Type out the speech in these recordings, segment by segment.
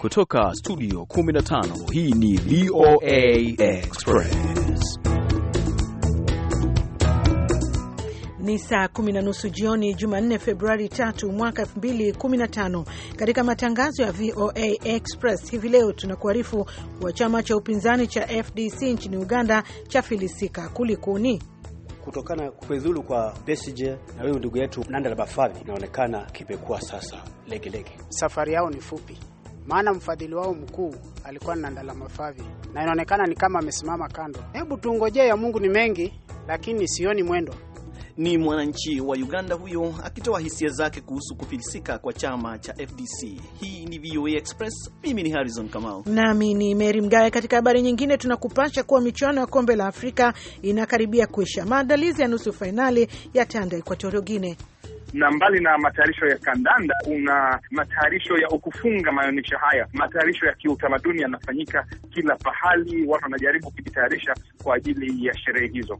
Kutoka studio 15 hii ni VOA Express. Ni saa kumi na nusu jioni Jumanne, Februari tatu mwaka 2015. Katika matangazo ya VOA Express hivi leo tunakuarifu wa chama cha upinzani cha FDC nchini Uganda chafilisika. Kulikuni? Kutokana na kwa Besigye na huyu ndugu yetu Nandala bafadhi inaonekana kimekuwa sasa legelege lege. Safari yao ni fupi maana mfadhili wao mkuu alikuwa Nandala Mafavi na inaonekana ni kama amesimama kando. Hebu tungojee, ya Mungu ni mengi, lakini sioni mwendo. Ni mwananchi wa Uganda huyo akitoa hisia zake kuhusu kufilisika kwa chama cha FDC. Hii ni VOA Express, mimi ni Harrison Kamau nami ni Mary Mgawe. Katika habari nyingine, tunakupasha kuwa michuano ya kombe la Afrika inakaribia kuisha. Maandalizi ya nusu fainali tanda Equatorial Guinea na mbali na matayarisho ya kandanda, kuna matayarisho ya ukufunga maonyesho haya. Matayarisho ya kiutamaduni yanafanyika kila pahali, watu wanajaribu kujitayarisha kwa ajili ya sherehe hizo.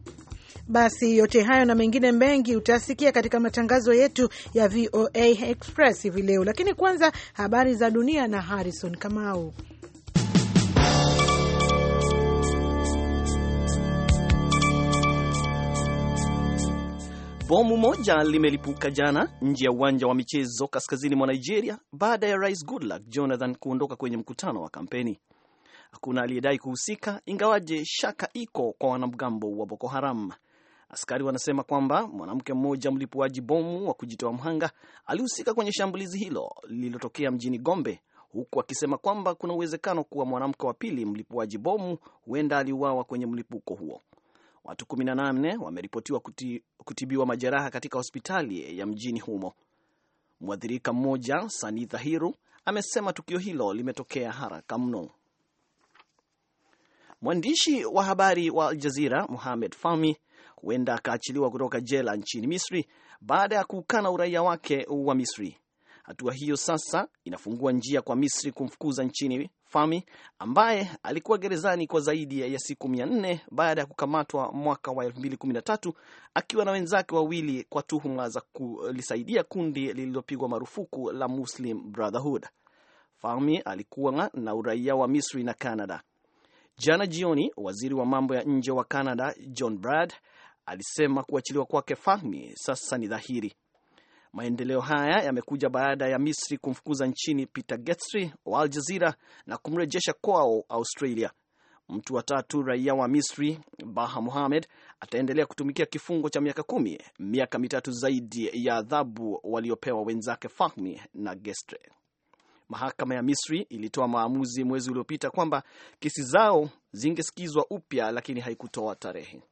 Basi yote hayo na mengine mengi utasikia katika matangazo yetu ya VOA Express hivi leo, lakini kwanza habari za dunia na Harrison Kamau. Bomu moja limelipuka jana nje ya uwanja wa michezo kaskazini mwa Nigeria baada ya Rais Goodluck Jonathan kuondoka kwenye mkutano wa kampeni. Hakuna aliyedai kuhusika, ingawaje shaka iko kwa wanamgambo wa Boko Haram. Askari wanasema kwamba mwanamke mmoja, mlipuaji bomu wa kujitoa mhanga, alihusika kwenye shambulizi hilo lililotokea mjini Gombe, huku akisema kwamba kuna uwezekano kuwa mwanamke wa pili mlipuaji bomu huenda aliuawa kwenye mlipuko huo. Watu 18 wameripotiwa kuti, kutibiwa majeraha katika hospitali ya mjini humo. Mwathirika mmoja Sani Dhahiru amesema tukio hilo limetokea haraka mno. Mwandishi wa habari wa Aljazira Muhamed Fahmi huenda akaachiliwa kutoka jela nchini Misri baada ya kuukana uraia wake wa Misri. Hatua hiyo sasa inafungua njia kwa Misri kumfukuza nchini fami ambaye alikuwa gerezani kwa zaidi ya siku mia nne baada ya kukamatwa mwaka wa 2013 akiwa na wenzake wawili kwa tuhuma za kulisaidia kundi lililopigwa marufuku la Muslim Brotherhood. fami alikuwa na uraia wa Misri na Canada. Jana jioni, waziri wa mambo ya nje wa Canada John Brad alisema kuachiliwa kwake fami sasa ni dhahiri Maendeleo haya yamekuja baada ya Misri kumfukuza nchini Peter Getsry wa Al Jazeera na kumrejesha kwao Australia. Mtu wa tatu raia wa Misri, Baha Mohamed, ataendelea kutumikia kifungo cha miaka kumi, miaka mitatu zaidi ya adhabu waliopewa wenzake Fahmi na Gestre. Mahakama ya Misri ilitoa maamuzi mwezi uliopita kwamba kesi zao zingesikizwa upya, lakini haikutoa tarehe.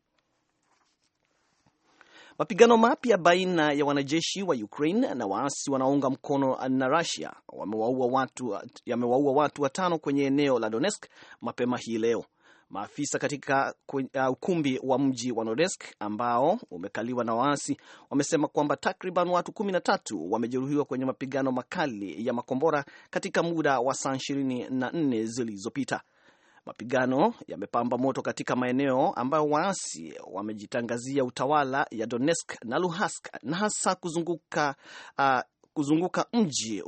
Mapigano mapya baina ya wanajeshi wa Ukraine na waasi wanaounga mkono na Russia yamewaua watu, yamewaua watu watano kwenye eneo la Donetsk mapema hii leo. Maafisa katika uh, ukumbi wa mji wa Nodesk ambao umekaliwa na waasi wamesema kwamba takriban watu kumi na tatu wamejeruhiwa kwenye mapigano makali ya makombora katika muda wa saa ishirini na nne zilizopita. Mapigano yamepamba moto katika maeneo ambayo waasi wamejitangazia utawala ya Donetsk na Luhansk na hasa kuzunguka uh, kuzunguka mji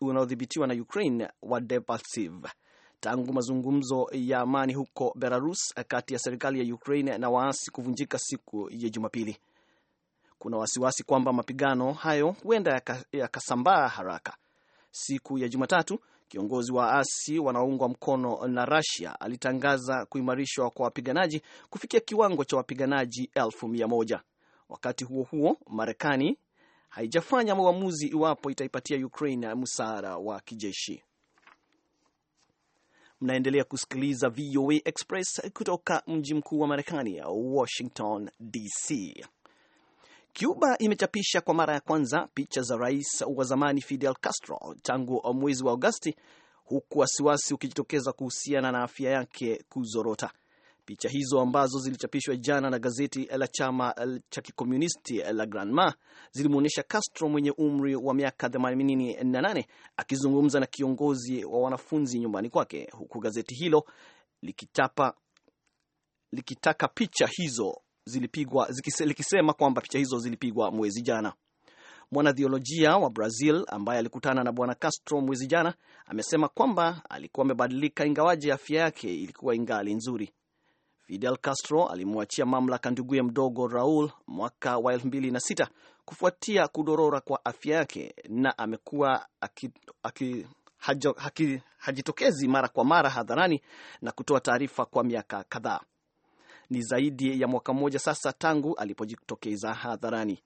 unaodhibitiwa na Ukraine wa Debaltseve. Tangu mazungumzo ya amani huko Belarus kati ya serikali ya Ukraine na waasi kuvunjika siku ya Jumapili, kuna wasiwasi kwamba mapigano hayo huenda yakasambaa yaka haraka. Siku ya Jumatatu, Kiongozi wa asi wanaoungwa mkono na Russia alitangaza kuimarishwa kwa wapiganaji kufikia kiwango cha wapiganaji elfu mia moja. Wakati huo huo, Marekani haijafanya uamuzi iwapo itaipatia Ukraine msaada wa kijeshi. Mnaendelea kusikiliza VOA Express kutoka mji mkuu wa Marekani, Washington DC. Cuba imechapisha kwa mara ya kwanza picha za rais wa zamani Fidel Castro tangu mwezi wa Agosti, huku wasiwasi ukijitokeza kuhusiana na afya yake kuzorota. Picha hizo ambazo zilichapishwa jana na gazeti la chama cha kikomunisti la Granma zilimwonyesha Castro mwenye umri wa miaka 88 akizungumza na kiongozi wa wanafunzi nyumbani kwake, huku gazeti hilo likichapa likitaka picha hizo zilipigwa likisema kwamba picha hizo zilipigwa mwezi jana. Mwanathiolojia wa Brazil ambaye alikutana na bwana Castro mwezi jana amesema kwamba alikuwa amebadilika, ingawaje afya yake ilikuwa ingali nzuri. Fidel Castro alimwachia mamlaka nduguye mdogo Raul mwaka wa 2006 kufuatia kudorora kwa afya yake, na amekuwa hajitokezi mara kwa mara hadharani na kutoa taarifa kwa miaka kadhaa. Ni zaidi ya mwaka mmoja sasa tangu alipojitokeza hadharani.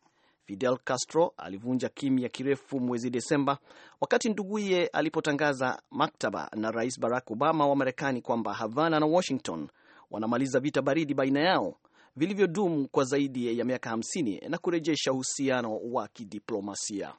Fidel Castro alivunja kimya kirefu mwezi Desemba wakati nduguye alipotangaza maktaba na Rais Barack Obama wa Marekani kwamba Havana na Washington wanamaliza vita baridi baina yao vilivyodumu kwa zaidi ya miaka 50 na kurejesha uhusiano wa kidiplomasia.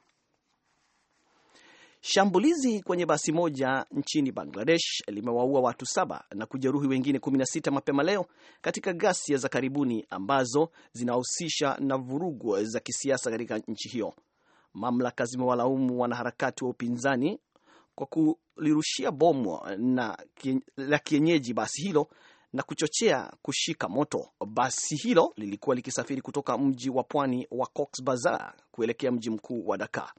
Shambulizi kwenye basi moja nchini Bangladesh limewaua watu saba na kujeruhi wengine 16 mapema leo katika ghasia za karibuni ambazo zinahusisha na vurugu za kisiasa katika nchi hiyo. Mamlaka zimewalaumu wanaharakati wa upinzani kwa kulirushia bomu na la kienyeji basi hilo na kuchochea kushika moto. Basi hilo lilikuwa likisafiri kutoka mji wa pwani wa cox Bazar kuelekea mji mkuu wa dakar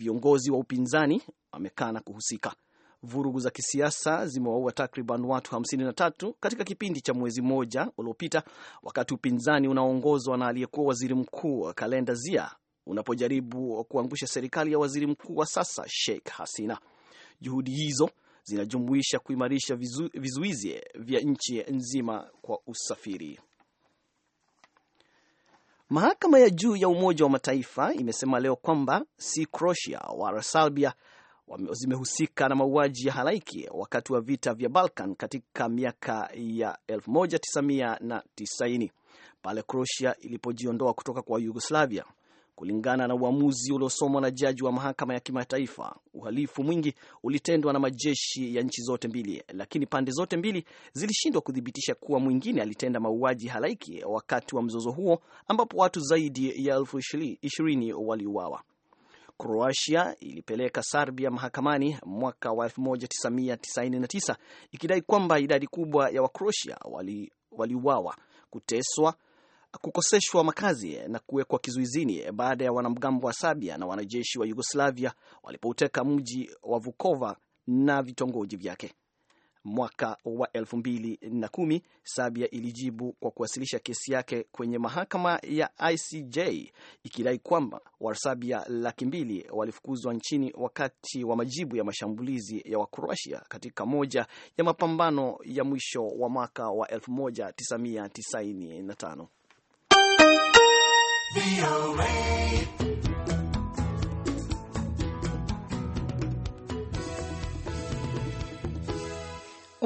Viongozi wa upinzani wamekana kuhusika. Vurugu za kisiasa zimewaua takriban watu 53 katika kipindi cha mwezi mmoja uliopita, wakati upinzani unaoongozwa na aliyekuwa waziri mkuu Kalenda Zia unapojaribu kuangusha serikali ya waziri mkuu wa sasa Sheikh Hasina. Juhudi hizo zinajumuisha kuimarisha vizu, vizuizi vya nchi nzima kwa usafiri. Mahakama ya juu ya Umoja wa Mataifa imesema leo kwamba si Croatia wala Serbia zimehusika na mauaji ya halaiki wakati wa vita vya Balkan katika miaka ya 1990 pale Croatia ilipojiondoa kutoka kwa Yugoslavia. Kulingana na uamuzi uliosomwa na jaji wa mahakama ya kimataifa, uhalifu mwingi ulitendwa na majeshi ya nchi zote mbili, lakini pande zote mbili zilishindwa kuthibitisha kuwa mwingine alitenda mauaji halaiki wakati wa mzozo huo ambapo watu zaidi ya elfu ishirini waliuawa. Kroatia ilipeleka Serbia mahakamani mwaka wa 1999 ikidai kwamba idadi kubwa ya Wakroatia waliuawa, wali kuteswa kukoseshwa makazi na kuwekwa kizuizini baada ya wanamgambo wa Sabia na wanajeshi wa Yugoslavia walipouteka mji wa Vukova na vitongoji vyake. Mwaka wa elfu mbili na kumi Sabia ilijibu kwa kuwasilisha kesi yake kwenye mahakama ya ICJ ikidai kwamba Wasabia laki mbili walifukuzwa nchini wakati wa majibu ya mashambulizi ya Wakroatia katika moja ya mapambano ya mwisho wa mwaka wa 1995. VOA.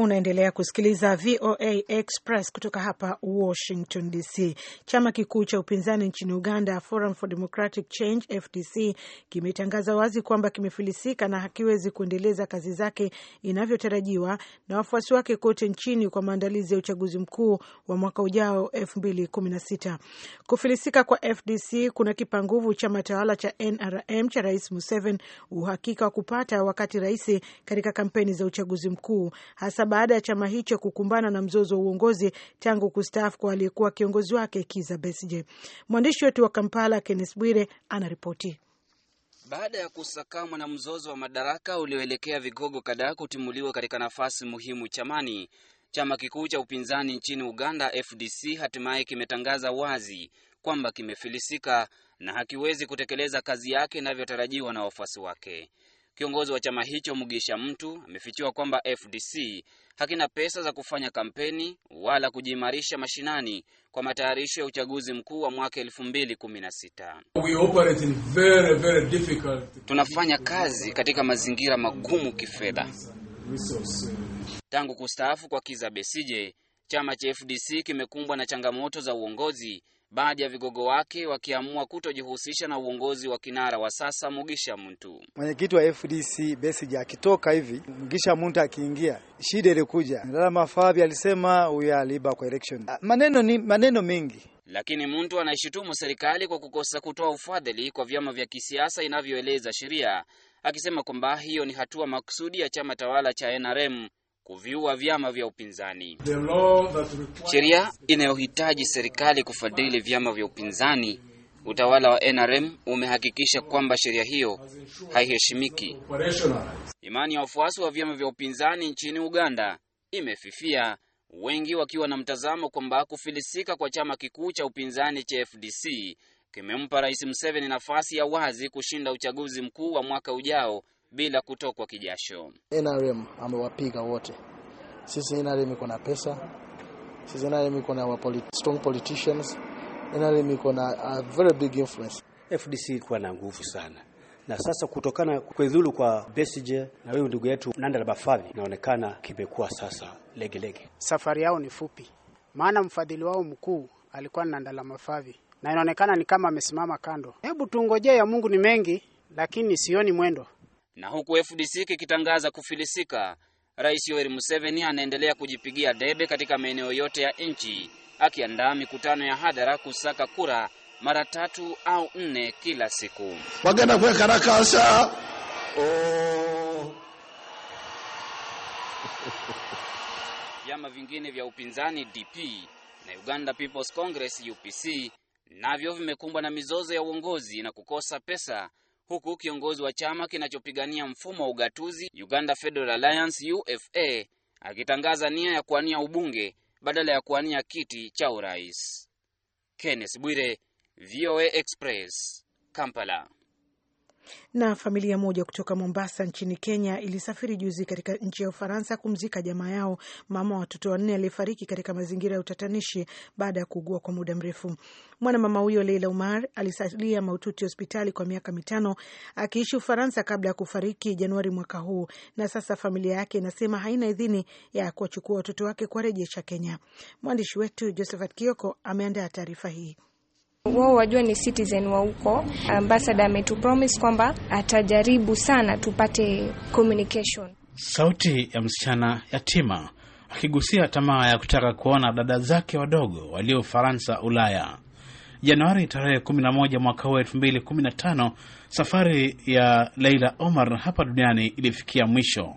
Unaendelea kusikiliza VOA Express kutoka hapa Washington DC. Chama kikuu cha upinzani nchini Uganda, Forum for Democratic Change FDC, kimetangaza wazi kwamba kimefilisika na hakiwezi kuendeleza kazi zake inavyotarajiwa na wafuasi wake kote nchini kwa maandalizi ya uchaguzi mkuu wa mwaka ujao 2016. Kufilisika kwa FDC kuna kipa nguvu chama tawala cha NRM cha Rais Museveni uhakika wa kupata wakati rais katika kampeni za uchaguzi mkuu hasa baada ya chama hicho kukumbana na mzozo wa uongozi tangu kustaafu kwa aliyekuwa kiongozi wake Kiza Besije. Mwandishi wetu wa Kampala Kennes Bwire anaripoti. Baada ya kusakamwa na mzozo wa madaraka ulioelekea vigogo kadhaa kutimuliwa katika nafasi muhimu chamani, chama kikuu cha upinzani nchini Uganda FDC hatimaye kimetangaza wazi kwamba kimefilisika na hakiwezi kutekeleza kazi yake inavyotarajiwa na wafuasi wake. Kiongozi wa chama hicho Mugisha Mtu amefichua kwamba FDC hakina pesa za kufanya kampeni wala kujiimarisha mashinani kwa matayarisho ya uchaguzi mkuu wa mwaka 2016. tunafanya kazi katika mazingira magumu kifedha. Tangu kustaafu kwa Kiza Besije, chama cha FDC kimekumbwa na changamoto za uongozi baadhi ya vigogo wake wakiamua kutojihusisha na uongozi wa kinara wa sasa Mugisha Muntu. Mwenyekiti wa FDC Besigye akitoka hivi, Mugisha Muntu akiingia, shida ilikuja. Ndala Mafabi alisema huyo aliiba kwa election. Ah, maneno ni maneno mengi lakini mtu anaishutumu serikali kwa kukosa kutoa ufadhili kwa vyama vya kisiasa inavyoeleza sheria, akisema kwamba hiyo ni hatua makusudi ya chama tawala cha NRM kuviua vyama vya upinzani. Sheria inayohitaji serikali kufadhili vyama vya upinzani, utawala wa NRM umehakikisha kwamba sheria hiyo haiheshimiki. Imani ya wafuasi wa vyama vya upinzani nchini Uganda imefifia, wengi wakiwa na mtazamo kwamba kufilisika kwa chama kikuu cha upinzani cha FDC kimempa Rais Museveni nafasi ya wazi kushinda uchaguzi mkuu wa mwaka ujao bila kutokwa kijasho. NRM amewapiga wote. Sisi NRM iko na pesa, sisi NRM iko na strong politicians, NRM iko na a very big influence. FDC ilikuwa na nguvu sana na sasa kutokana kwedhulu kwa Besigye na huyu ndugu yetu la Bafadhi, inaonekana kimekuwa sasa legelege lege. Safari yao ni fupi, maana mfadhili wao mkuu alikuwa la Mafadhi na inaonekana ni kama amesimama kando. Hebu tungojee ya Mungu ni mengi, lakini sioni mwendo. Na huku FDC kikitangaza kufilisika, Rais Yoweri Museveni anaendelea kujipigia debe katika maeneo yote ya nchi, akiandaa mikutano ya hadhara kusaka kura mara tatu au nne kila siku. wagenda kuweka rakasa oh. Vyama vingine vya upinzani DP na Uganda People's Congress UPC navyo vimekumbwa na mizozo ya uongozi na kukosa pesa huku kiongozi wa chama kinachopigania mfumo wa ugatuzi Uganda Federal Alliance UFA akitangaza nia ya kuania ubunge badala ya kuania kiti cha urais. Kenneth Bwire, VOA Express, Kampala. Na familia moja kutoka Mombasa nchini Kenya ilisafiri juzi katika nchi ya Ufaransa kumzika jamaa yao, mama watoto wanne aliyefariki katika mazingira ya utatanishi baada ya kuugua kwa muda mrefu. Mwanamama huyo Leila Umar alisalia maututi hospitali kwa miaka mitano akiishi Ufaransa kabla ya kufariki Januari mwaka huu, na sasa familia yake inasema haina idhini ya kuwachukua watoto wake kuwarejesha Kenya. Mwandishi wetu Josephat Kioko ameandaa taarifa hii wao wajua ni citizen wa huko. Ambassador ametupromise kwamba atajaribu sana tupate communication. Sauti ya msichana yatima akigusia tamaa ya kutaka kuona dada zake wadogo walio Ufaransa, Ulaya. Januari tarehe 11 mwaka huu 2015, safari ya Leila Omar hapa duniani ilifikia mwisho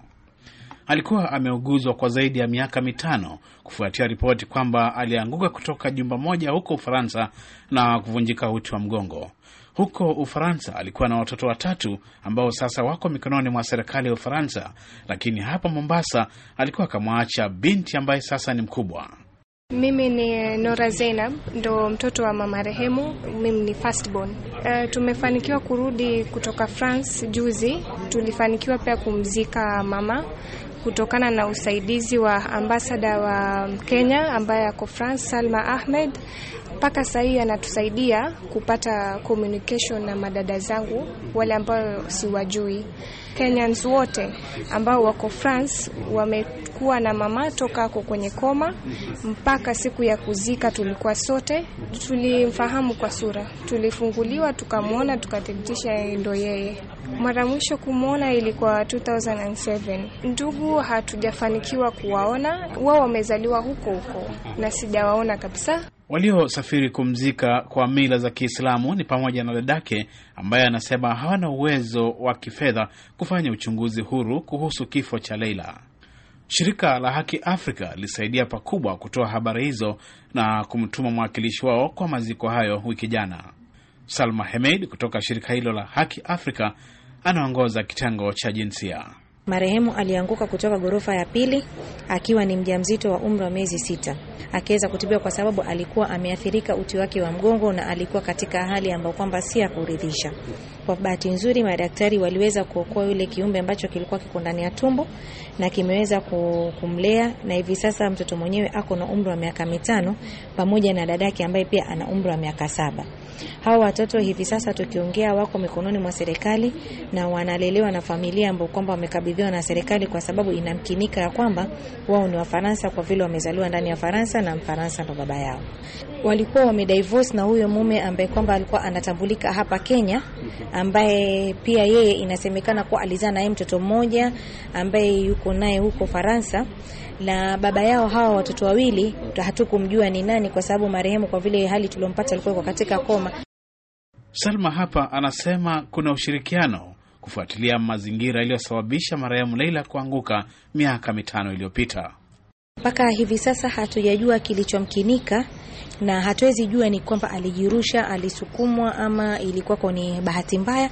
alikuwa ameuguzwa kwa zaidi ya miaka mitano kufuatia ripoti kwamba alianguka kutoka jumba moja huko Ufaransa na kuvunjika uti wa mgongo. Huko Ufaransa alikuwa na watoto watatu ambao sasa wako mikononi mwa serikali ya Ufaransa, lakini hapa Mombasa alikuwa akamwacha binti ambaye sasa ni mkubwa. Mimi ni Nora Zainab, ndo mtoto wa mama marehemu. Mimi ni first Uh, eh, tumefanikiwa kurudi kutoka France juzi. Tulifanikiwa pia kumzika mama kutokana na usaidizi wa ambasada wa Kenya ambaye ako France Salma Ahmed mpaka sasa hii anatusaidia kupata communication na madada zangu wale ambao siwajui. Kenyans wote ambao wako France wamekuwa na mama toka ako kwenye koma mpaka siku ya kuzika, tulikuwa sote tulimfahamu kwa sura, tulifunguliwa tukamwona, tukathibitisha ndo yeye. Mara mwisho kumwona ilikuwa 2007. Ndugu hatujafanikiwa kuwaona, wao wamezaliwa huko huko na sijawaona kabisa. Waliosafiri kumzika kwa mila za Kiislamu ni pamoja na dadake ambaye anasema hawana uwezo wa kifedha kufanya uchunguzi huru kuhusu kifo cha Leila. Shirika la Haki Afrika lilisaidia pakubwa kutoa habari hizo na kumtuma mwakilishi wao kwa maziko hayo wiki jana. Salma Hemed kutoka shirika hilo la Haki Afrika anaongoza kitengo cha jinsia. Marehemu alianguka kutoka ghorofa ya pili akiwa ni mjamzito wa umri wa miezi sita, akiweza kutibiwa kwa sababu alikuwa ameathirika uti wake wa mgongo na alikuwa katika hali ambayo kwamba si ya kuridhisha. Kwa bahati nzuri, madaktari waliweza kuokoa yule kiumbe ambacho kilikuwa kiko ndani ya tumbo na kimeweza kumlea, na hivi sasa mtoto mwenyewe ako na umri wa miaka mitano pamoja na dadake ambaye pia ana umri wa miaka saba. Hawa watoto hivi sasa tukiongea, wako mikononi mwa serikali na wanalelewa na familia ambao kwamba wamekabidhiwa na serikali, kwa sababu inamkinika ya kwamba wao ni Wafaransa kwa vile wamezaliwa ndani ya Faransa na Mfaransa ndo baba yao. Walikuwa wamedivorce na huyo mume ambaye kwamba alikuwa anatambulika hapa Kenya, ambaye pia yeye inasemekana kuwa alizaa naye mtoto mmoja ambaye yuko naye huko Faransa na baba yao hawa watoto wawili hatukumjua ni nani, kwa sababu marehemu kwa vile hali tuliompata alikuwa katika koma. Salma hapa anasema kuna ushirikiano kufuatilia mazingira yaliyosababisha marehemu Leila kuanguka miaka mitano iliyopita. Mpaka hivi sasa hatujajua kilichomkinika na hatuwezi jua ni kwamba alijirusha, alisukumwa, ama kwa ni bahati mbaya,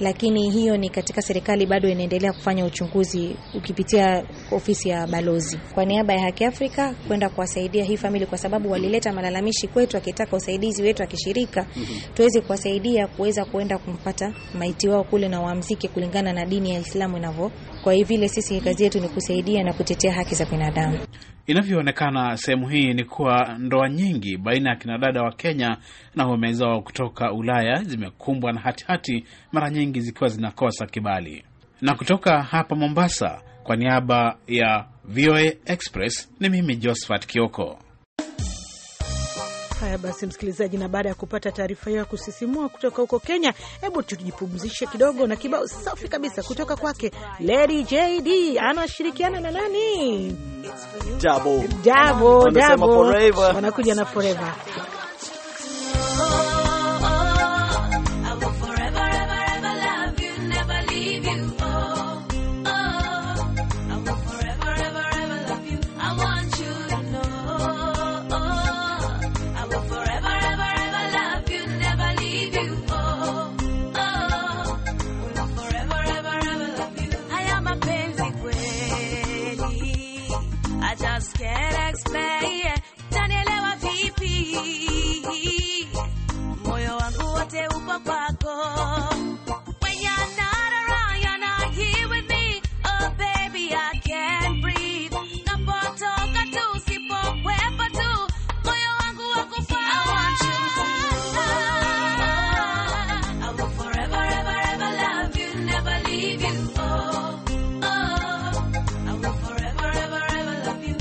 lakini hiyo ni katika serikali bado inaendelea kufanya uchunguzi ukipitia ofisi ya balozi. Kwa niaba ya Haki Afrika kwenda kuwasaidia hii famili, kwa sababu walileta malalamishi kwetu, akitaka usaidizi wetu akishirika, tuweze kuwasaidia kuweza kuenda kumpata maiti wao kule na wamzike kulingana na dini ya Islamu inavyo kwa hivile sisi kazi yetu ni kusaidia na kutetea haki za binadamu. Inavyoonekana sehemu hii ni kuwa ndoa nyingi baina ya kinadada wa Kenya na waume zao kutoka Ulaya zimekumbwa na hatihati, mara nyingi zikiwa zinakosa kibali. Na kutoka hapa Mombasa, kwa niaba ya VOA Express ni mimi Josephat Kioko. Haya basi, msikilizaji, na baada ya kupata taarifa hiyo ya kusisimua kutoka huko Kenya, hebu tujipumzishe kidogo na kibao safi kabisa kutoka kwake Lady JD. Anashirikiana na nani? Dabo, Dabo, Dabo wanakuja na Forever.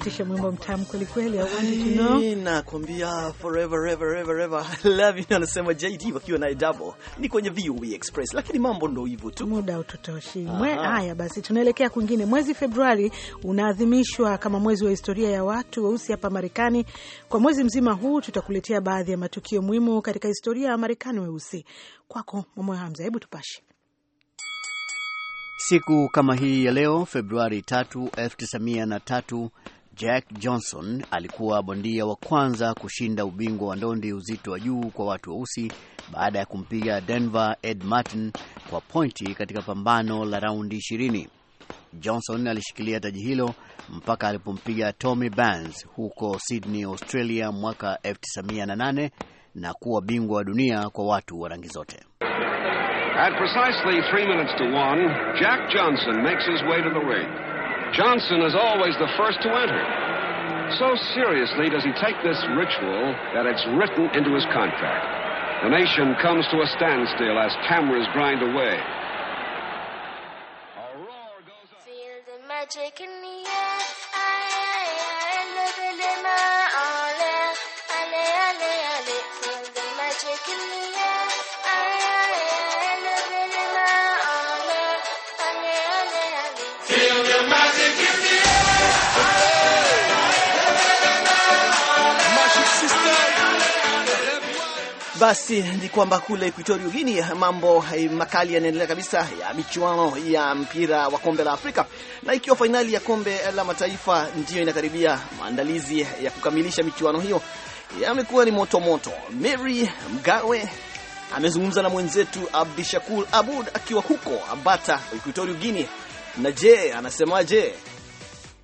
unakatisha mwimbo mtamu kweli kweli, nakwambia forever ever ever ever love you, anasema JD wakiwa naye double. Ni kwenye VOA e Express, lakini mambo ndo hivyo tu, muda utotoshi. Haya basi, tunaelekea kwingine. Mwezi Februari unaadhimishwa kama mwezi wa historia ya watu weusi hapa Marekani. Kwa mwezi mzima huu tutakuletea baadhi ya matukio muhimu katika historia ya Marekani weusi. Kwako Mwamoyo Hamza, hebu tupashe Siku kama hii ya leo Februari 3, 1903 Jack Johnson alikuwa bondia wa kwanza kushinda ubingwa wa ndondi uzito wa juu kwa watu weusi baada ya kumpiga Denver Ed Martin kwa pointi katika pambano la raundi 20. Johnson alishikilia taji hilo mpaka alipompiga Tommy Burns huko Sydney, Australia mwaka 1998 na kuwa bingwa wa dunia kwa watu wa rangi zote. At precisely three minutes to one, Jack Johnson makes his way to the ring. Johnson is always the first to enter. So seriously does he take this ritual that it's written into his contract. The nation comes to a standstill as cameras grind away. A roar goes up. Feel the magic in Basi ni kwamba kule Equatorio Guinea mambo makali yanaendelea kabisa ya michuano ya mpira wa kombe la Afrika, na ikiwa fainali ya kombe la mataifa ndiyo inakaribia, maandalizi ya kukamilisha michuano hiyo yamekuwa ni motomoto. Mary Mgawe amezungumza na mwenzetu Shakur Abud akiwa huko Abata, Equatorio Guini, Na je, anasemaje?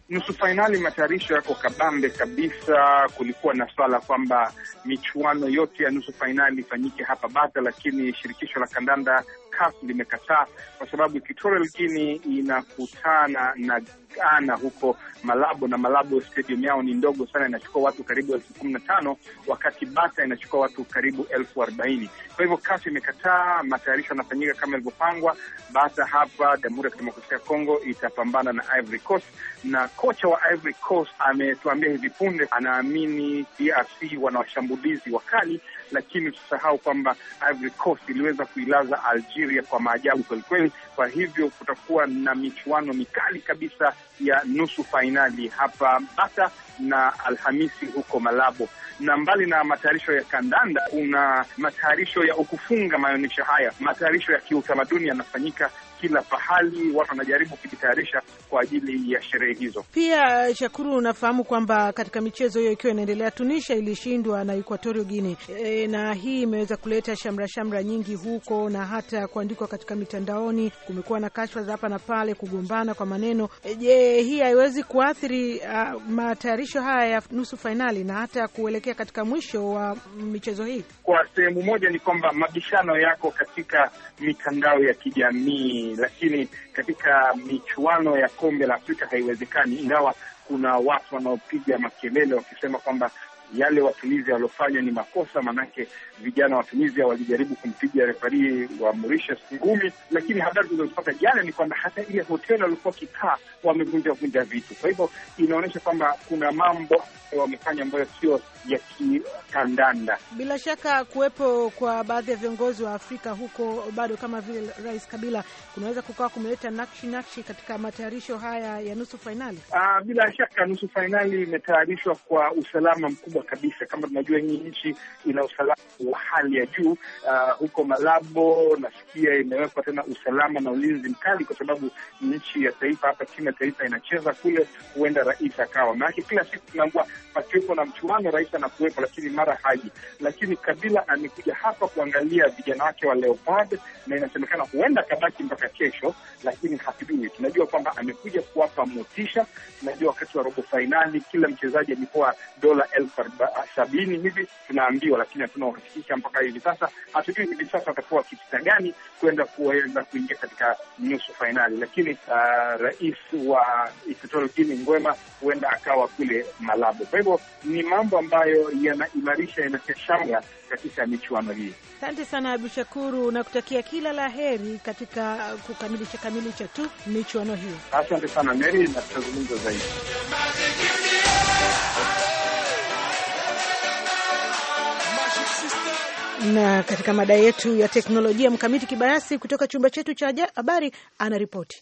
nusu fainali matayarisho yako kabambe kabisa. Kulikuwa na swala kwamba michuano yote ya nusu fainali ifanyike hapa Bata, lakini shirikisho la kandanda CAF limekataa kwa sababu Equatorial Guinea inakutana na Ghana huko Malabo, na Malabo stadium yao ni ndogo sana, inachukua watu karibu elfu kumi na tano wakati Bata inachukua watu karibu elfu arobaini Kwa hivyo CAF imekataa, matayarisho yanafanyika kama ilivyopangwa Bata hapa Jamhuri ya Kidemokrasia ya Kongo itapambana na Ivory Coast, na kocha wa Ivory Coast ametuambia hivi punde anaamini DRC wana washambulizi wakali lakini usisahau kwamba Ivory Coast iliweza kuilaza Algeria kwa maajabu kwelikweli. Kwa hivyo kutakuwa na michuano mikali kabisa ya nusu fainali hapa Bata na Alhamisi huko Malabo. Na mbali na matayarisho ya kandanda, kuna matayarisho ya ukufunga maonyesho haya. Matayarisho ya kiutamaduni yanafanyika kila pahali, watu wanajaribu kujitayarisha kwa ajili ya sherehe hizo. Pia Shakuru, unafahamu kwamba katika michezo hiyo ikiwa inaendelea, Tunisia ilishindwa na Equatorio Guinea e, na hii imeweza kuleta shamra shamra nyingi huko na hata kuandikwa katika mitandaoni. Kumekuwa na kashfa za hapa na pale, kugombana kwa maneno. E, je, hii haiwezi kuathiri uh, matayarisho haya ya nusu fainali na hata kuelekea katika mwisho wa michezo hii? Kwa sehemu moja ni kwamba mabishano yako katika mitandao ya kijamii lakini katika michuano ya kombe la Afrika haiwezekani, ingawa kuna watu wanaopiga makelele wakisema kwamba yale watumizi waliofanya ni makosa, manake vijana watumizi walijaribu kumpiga refari wa Mauritius ngumi, lakini habari tulizopata jana ni kwamba hata ile hoteli waliokuwa wakikaa wamevunja vunja vitu. Kwa hivyo inaonyesha kwamba kuna mambo wamefanya ambayo sio ya kikandanda. Bila shaka kuwepo kwa baadhi ya viongozi wa Afrika huko bado kama vile Rais Kabila kunaweza kukawa kumeleta nakshi nakshi katika matayarisho haya ya nusu fainali. Ah, bila shaka nusu fainali imetayarishwa kwa usalama mkubwa kubwa kabisa. Kama tunajua hii nchi ina usalama wa hali ya juu. Uh, huko Malabo nasikia imewekwa tena usalama na ulinzi mkali, kwa sababu nchi ya taifa hapa timu ya taifa inacheza kule, huenda rais akawa maanake, kila siku tunaambua pakiwepo na mchuano, rais anakuwepo, lakini mara haji. Lakini Kabila amekuja hapa kuangalia vijana wake wa Leopard na inasemekana huenda kabaki mpaka kesho, lakini hatujui. Tunajua kwamba amekuja kuwapa motisha. Tunajua wakati wa robo fainali kila mchezaji alikuwa dola elfu Ah, sabini hivi tunaambiwa, lakini hatuna uhakika mpaka hivi sasa. Hatujui hivi sasa watakuwa wakipita gani kwenda kuweza kuingia katika nusu fainali, lakini uh, rais wa Equatorial Guinea Ngwema huenda akawa kule Malabo. Kwa hivyo ni mambo ambayo yanaimarisha, yanachashanga katika michuano hii. Asante sana Abdu Shakuru, nakutakia kila la heri katika kukamilisha kamilisha tu michuano hiyo. Asante sana Meri, na tutazungumza zaidi. Na katika mada yetu ya teknolojia, Mkamiti Kibayasi kutoka chumba chetu cha habari anaripoti.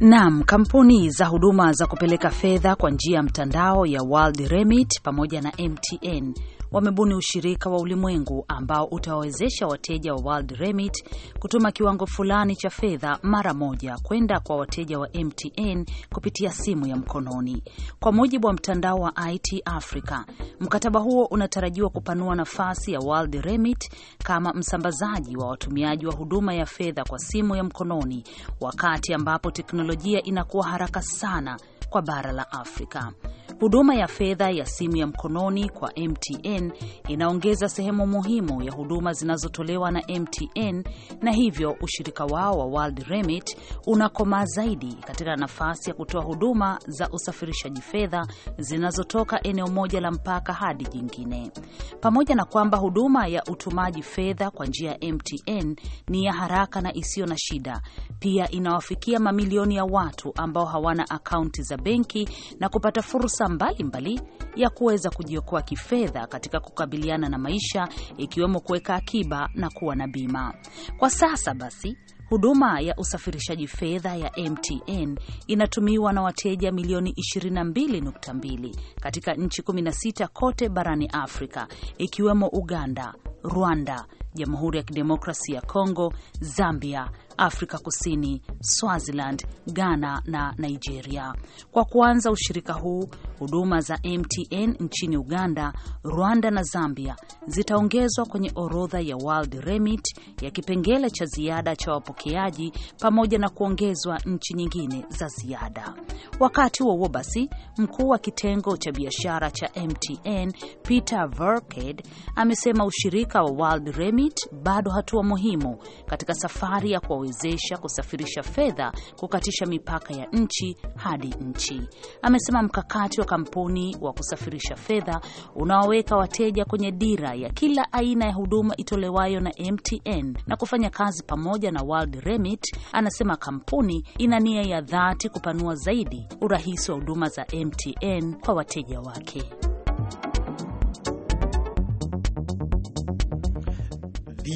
Naam, kampuni za huduma za kupeleka fedha kwa njia ya mtandao ya World Remit pamoja na MTN wamebuni ushirika wa ulimwengu ambao utawawezesha wateja wa World Remit kutuma kiwango fulani cha fedha mara moja kwenda kwa wateja wa MTN kupitia simu ya mkononi. Kwa mujibu wa mtandao wa IT Africa, mkataba huo unatarajiwa kupanua nafasi ya World Remit kama msambazaji wa watumiaji wa huduma ya fedha kwa simu ya mkononi, wakati ambapo teknolojia inakuwa haraka sana kwa bara la Afrika. Huduma ya fedha ya simu ya mkononi kwa MTN inaongeza sehemu muhimu ya huduma zinazotolewa na MTN na hivyo ushirika wao wa World Remit unakomaa zaidi katika nafasi ya kutoa huduma za usafirishaji fedha zinazotoka eneo moja la mpaka hadi jingine. Pamoja na kwamba huduma ya utumaji fedha kwa njia ya MTN ni ya haraka na isiyo na shida, pia inawafikia mamilioni ya watu ambao hawana akaunti za benki na kupata fursa mbalimbali mbali ya kuweza kujiokoa kifedha katika kukabiliana na maisha ikiwemo kuweka akiba na kuwa na bima. Kwa sasa basi huduma ya usafirishaji fedha ya MTN inatumiwa na wateja milioni 22.2 katika nchi 16 kote barani Afrika ikiwemo Uganda, Rwanda, Jamhuri ya kidemokrasi ya Kongo, Zambia, Afrika Kusini, Swaziland, Ghana na Nigeria. Kwa kuanza ushirika huu, huduma za MTN nchini Uganda, Rwanda na Zambia zitaongezwa kwenye orodha ya World Remit ya kipengele cha ziada cha wapokeaji pamoja na kuongezwa nchi nyingine za ziada. Wakati huo basi, mkuu wa kitengo cha biashara cha MTN Peter Verked amesema ushirika wa World Remit bado hatua muhimu katika safari ya kuwawezesha kusafirisha fedha kukatisha mipaka ya nchi hadi nchi. Amesema mkakati wa kampuni wa kusafirisha fedha unaoweka wateja kwenye dira ya kila aina ya huduma itolewayo na MTN na kufanya kazi pamoja na World Remit, anasema kampuni ina nia ya dhati kupanua zaidi urahisi wa huduma za MTN kwa wateja wake.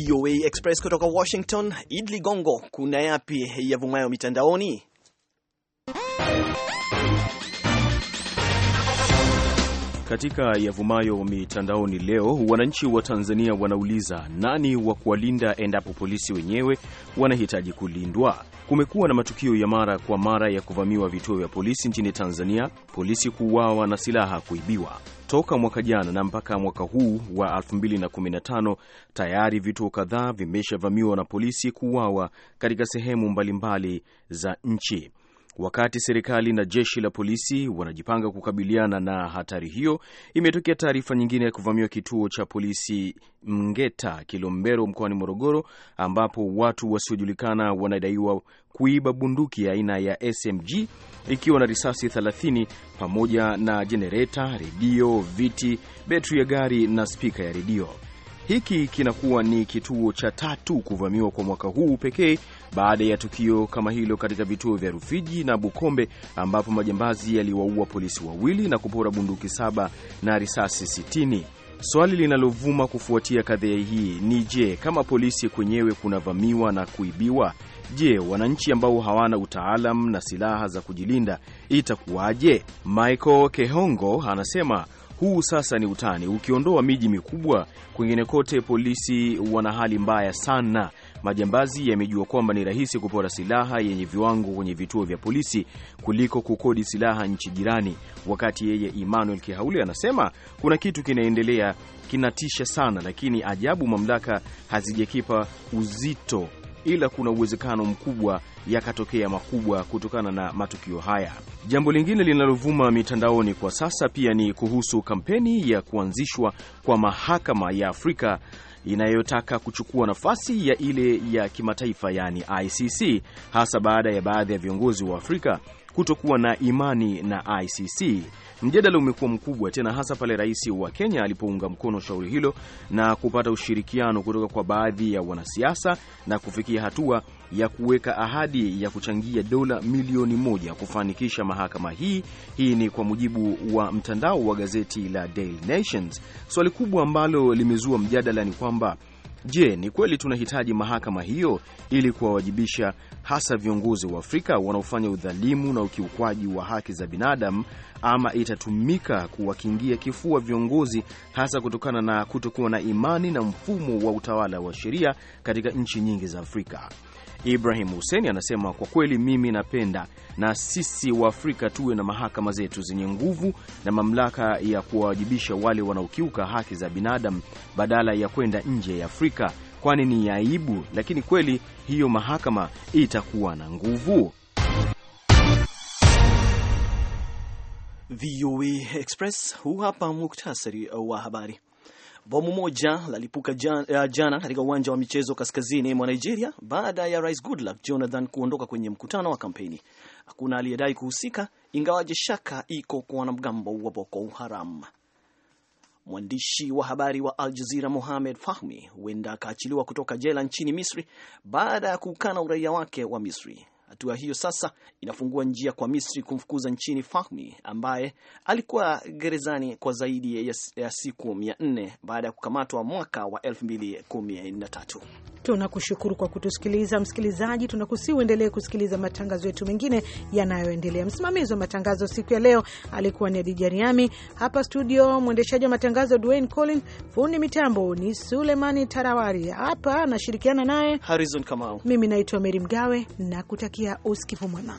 VOA Express kutoka Washington. Idli Gongo, kuna yapi yavumayo mitandaoni? Katika yavumayo mitandaoni leo, wananchi wa Tanzania wanauliza nani wa kuwalinda endapo polisi wenyewe wanahitaji kulindwa. Kumekuwa na matukio ya mara kwa mara ya kuvamiwa vituo vya polisi nchini Tanzania, polisi kuuawa na silaha kuibiwa. Toka mwaka jana na mpaka mwaka huu wa 2015 tayari vituo kadhaa vimeshavamiwa na polisi kuuawa katika sehemu mbalimbali za nchi. Wakati serikali na jeshi la polisi wanajipanga kukabiliana na hatari hiyo, imetokea taarifa nyingine ya kuvamiwa kituo cha polisi Mngeta, Kilombero, mkoani Morogoro, ambapo watu wasiojulikana wanadaiwa kuiba bunduki aina ya, ya SMG ikiwa na risasi 30 pamoja na jenereta, redio, viti, betri ya gari na spika ya redio. Hiki kinakuwa ni kituo cha tatu kuvamiwa kwa mwaka huu pekee baada ya tukio kama hilo katika vituo vya Rufiji na Bukombe ambapo majambazi yaliwaua polisi wawili na kupora bunduki saba na risasi sitini. Swali linalovuma kufuatia kadhia hii ni je, kama polisi kwenyewe kunavamiwa na kuibiwa, je, wananchi ambao hawana utaalam na silaha za kujilinda itakuwaje? Michael Kehongo anasema huu sasa ni utani. Ukiondoa miji mikubwa, kwingine kote polisi wana hali mbaya sana. Majambazi yamejua kwamba ni rahisi kupora silaha yenye viwango kwenye vituo vya polisi kuliko kukodi silaha nchi jirani. Wakati yeye Emmanuel Kihaule anasema kuna kitu kinaendelea kinatisha sana, lakini ajabu mamlaka hazijakipa uzito, ila kuna uwezekano mkubwa yakatokea makubwa kutokana na matukio haya. Jambo lingine linalovuma mitandaoni kwa sasa pia ni kuhusu kampeni ya kuanzishwa kwa mahakama ya Afrika inayotaka kuchukua nafasi ya ile ya kimataifa yaani ICC, hasa baada ya baadhi ya viongozi wa Afrika kutokuwa na imani na ICC. Mjadala umekuwa mkubwa tena, hasa pale rais wa Kenya alipounga mkono shauri hilo na kupata ushirikiano kutoka kwa baadhi ya wanasiasa na kufikia hatua ya kuweka ahadi ya kuchangia dola milioni moja kufanikisha mahakama hii. Hii ni kwa mujibu wa mtandao wa gazeti la Daily Nations. Swali kubwa ambalo limezua mjadala ni kwamba Je, ni kweli tunahitaji mahakama hiyo ili kuwawajibisha hasa viongozi wa Afrika wanaofanya udhalimu na ukiukwaji wa haki za binadamu, ama itatumika kuwakingia kifua viongozi hasa kutokana na kutokuwa na imani na mfumo wa utawala wa sheria katika nchi nyingi za Afrika? Ibrahim huseni anasema kwa kweli, mimi napenda na sisi wa afrika tuwe na mahakama zetu zenye nguvu na mamlaka ya kuwawajibisha wale wanaokiuka haki za binadamu badala ya kwenda nje ya Afrika, kwani ni aibu. Lakini kweli hiyo mahakama itakuwa na nguvu? VOA e Express, huu hapa muktasari wa habari. Bomu moja lalipuka jana, eh, jana katika uwanja wa michezo kaskazini mwa Nigeria baada ya Rais Goodluck Jonathan kuondoka kwenye mkutano wa kampeni. Hakuna aliyedai kuhusika, ingawaje shaka iko kwa wanamgambo wa Boko Haram. Mwandishi wa habari wa Al Jazeera Mohamed Fahmi huenda akaachiliwa kutoka jela nchini Misri baada ya kuukana uraia wake wa Misri. Hatua hiyo sasa inafungua njia kwa Misri kumfukuza nchini Fahmi ambaye alikuwa gerezani kwa zaidi ya siku mia nne baada ya kukamatwa mwaka wa 2013. Tunakushukuru kwa kutusikiliza msikilizaji, tunakusii uendelee kusikiliza matangazo yetu mengine yanayoendelea. Msimamizi wa matangazo siku ya leo alikuwa ni Adija Riami, hapa studio mwendeshaji wa matangazo Dwayne Collin, fundi mitambo ni Sulemani Tarawari, hapa anashirikiana naye Harrison Kamau, mimi naitwa Meri Mgawe na kutakia kukuletea usikivu mwema.